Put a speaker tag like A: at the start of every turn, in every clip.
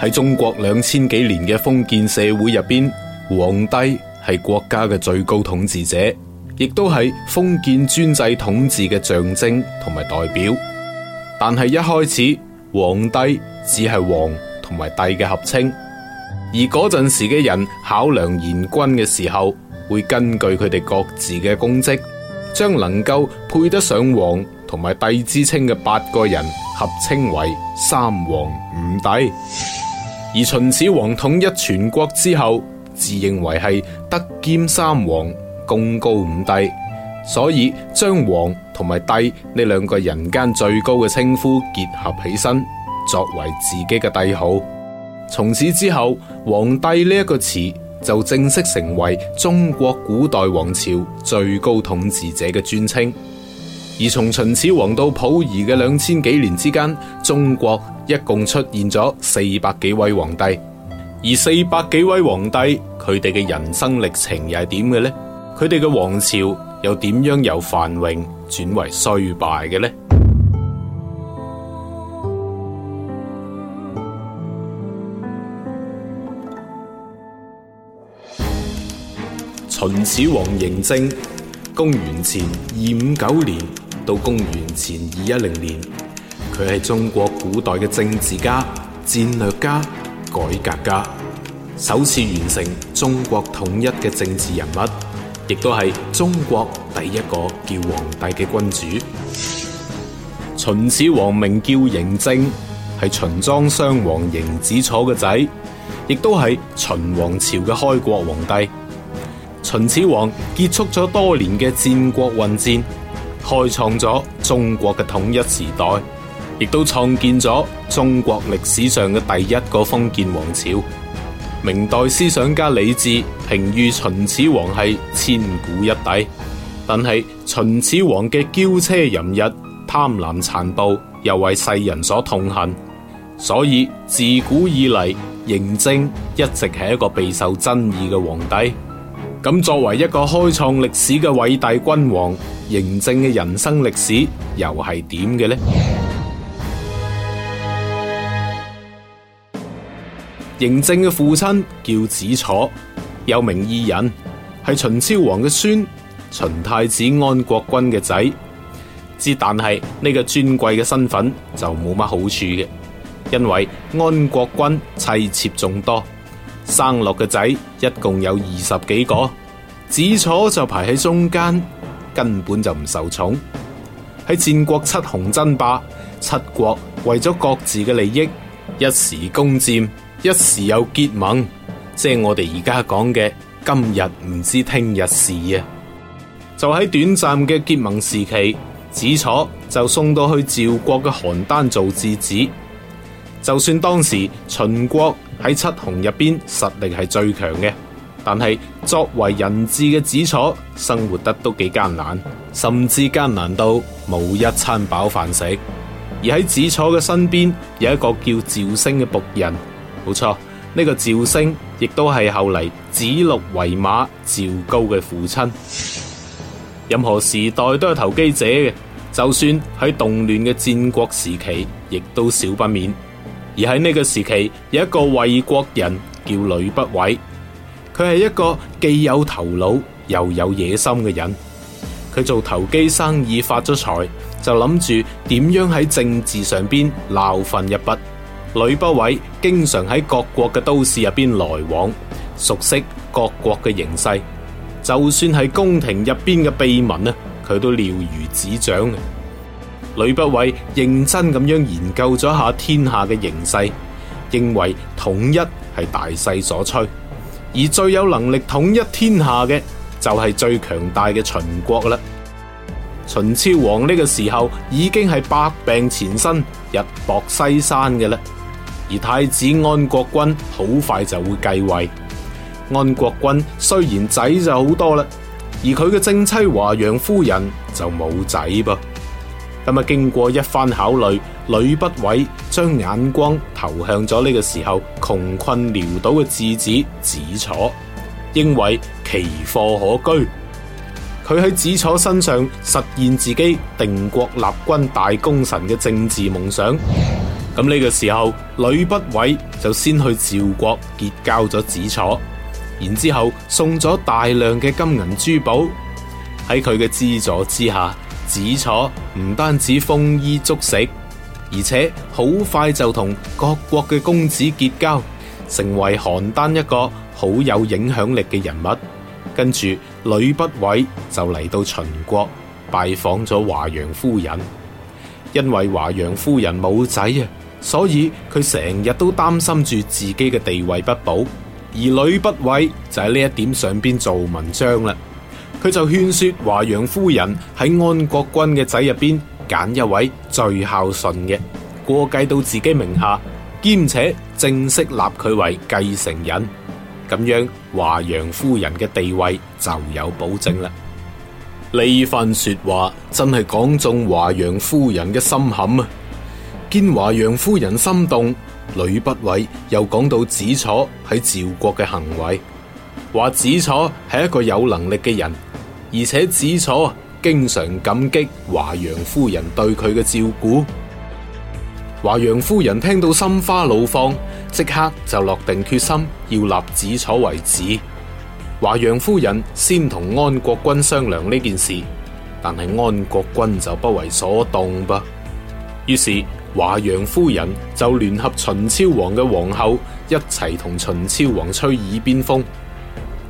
A: 喺中國兩千幾年嘅封建社會入邊，皇帝係國家嘅最高統治者，亦都係封建專制統治嘅象徵同埋代表。但係一開始，皇帝只係皇同埋帝嘅合稱，而嗰陣時嘅人考量賢君嘅時候，會根據佢哋各自嘅功績，將能夠配得上皇同埋帝之稱嘅八個人合稱為三皇五帝。而秦始皇統一全國之後，自認為係德兼三皇，功高五帝，所以將皇同埋帝呢兩個人間最高嘅稱呼結合起身，作為自己嘅帝號。從此之後，皇帝呢一個詞就正式成為中國古代王朝最高統治者嘅尊稱。而從秦始皇到溥儀嘅兩千幾年之間，中國一共出現咗四百幾位皇帝。而四百幾位皇帝，佢哋嘅人生歷程又係點嘅呢？佢哋嘅王朝又點樣由繁榮轉為衰敗嘅呢？秦始皇嬴政，公元前二五九年。到公元前二一零年，佢係中國古代嘅政治家、戰略家、改革家，首次完成中國統一嘅政治人物，亦都係中國第一個叫皇帝嘅君主。秦始皇名叫嬴政，係秦莊襄王嬴子楚嘅仔，亦都係秦王朝嘅開國皇帝。秦始皇結束咗多年嘅戰國混戰。開創咗中國嘅統一時代，亦都創建咗中國歷史上嘅第一個封建王朝。明代思想家李贄評譽秦始皇係千古一帝，但係秦始皇嘅驕奢淫逸、貪婪殘暴又為世人所痛恨，所以自古以嚟嬴政一直係一個備受爭議嘅皇帝。咁作為一個開創歷史嘅偉大君王，嬴政嘅人生歷史又係點嘅呢？嬴政嘅父親叫子楚，又名異人，係秦昭王嘅孫，秦太子安國君嘅仔。只但係呢個尊貴嘅身份就冇乜好處嘅，因為安國君妻妾眾多。生落嘅仔一共有二十幾個，子楚就排喺中間，根本就唔受寵。喺戰國七雄爭霸，七國為咗各自嘅利益，一時攻占，一時又結盟，即係我哋而家講嘅今日唔知聽日事啊！就喺短暫嘅結盟時期，子楚就送到去趙國嘅邯鄲做質子，就算當時秦國，喺七雄入邊實力係最強嘅，但係作為人質嘅子楚生活得都幾艱難，甚至艱難到冇一餐飽飯食。而喺子楚嘅身邊有一個叫趙升嘅僕人，冇錯，呢個趙升亦都係後嚟指鹿為馬趙高嘅父親。任何時代都有投機者嘅，就算喺動亂嘅戰國時期，亦都少不免。而喺呢個時期，有一個衛國人叫呂不韋，佢係一個既有頭腦又有野心嘅人。佢做投機生意發咗財，就諗住點樣喺政治上邊撈份一筆。呂不韋經常喺各國嘅都市入邊來往，熟悉各國嘅形勢，就算係宮廷入邊嘅秘密呢，佢都了如指掌。呂不韋認真咁樣研究咗下天下嘅形勢，認為統一係大勢所趨，而最有能力統一天下嘅就係最強大嘅秦國啦。秦昭王呢個時候已經係百病纏身，日薄西山嘅啦，而太子安國君好快就會繼位。安國君雖然仔就好多啦，而佢嘅正妻華陽夫人就冇仔噃。咁啊！經過一番考慮，呂不韋將眼光投向咗呢個時候窮困潦倒嘅質子子楚，認為奇貨可居。佢喺子楚身上實現自己定國立軍大功臣嘅政治夢想。咁呢個時候，呂不韋就先去趙國結交咗子楚，然之後送咗大量嘅金銀珠寶喺佢嘅資助之下。子楚唔單止豐衣足食，而且好快就同各國嘅公子結交，成為邯鄲一個好有影響力嘅人物。跟住，呂不韋就嚟到秦國拜訪咗華陽夫人，因為華陽夫人冇仔啊，所以佢成日都擔心住自己嘅地位不保，而呂不韋就喺呢一點上邊做文章啦。佢就勸說華陽夫人喺安國君嘅仔入邊揀一位最孝順嘅，過繼到自己名下，兼且正式立佢為繼承人，咁樣華陽夫人嘅地位就有保證啦。呢番說話真係講中華陽夫人嘅心坎啊！見華陽夫人心動，呂不韋又講到子楚喺趙國嘅行為，話子楚係一個有能力嘅人。而且子楚經常感激華陽夫人對佢嘅照顧，華陽夫人聽到心花怒放，即刻就落定決心要立子楚為子。華陽夫人先同安國君商量呢件事，但係安國君就不為所動噃。於是華陽夫人就聯合秦昭王嘅皇后一齊同秦昭王吹耳邊風，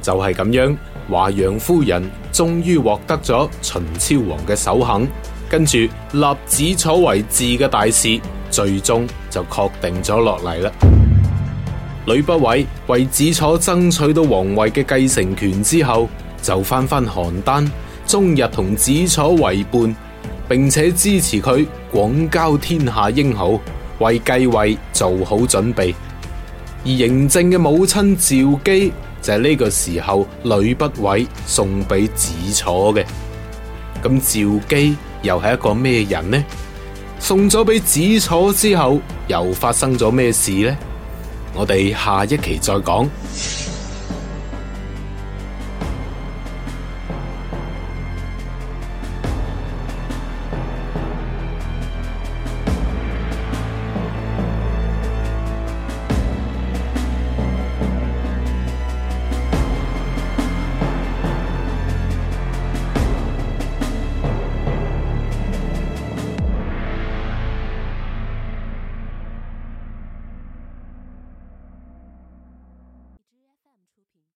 A: 就係、是、咁樣。華陽夫人終於獲得咗秦昭王嘅首肯，跟住立子楚為子嘅大事，最終就確定咗落嚟啦。呂不韋為子楚爭取到皇位嘅繼承權之後，就翻返邯鄲，終日同子楚為伴，並且支持佢廣交天下英豪，為繼位做好準備。而嬴政嘅母親趙姬。就係呢個時候，呂不韋送俾子楚嘅。咁趙姬又係一個咩人呢？送咗俾子楚之後，又發生咗咩事呢？我哋下一期再講。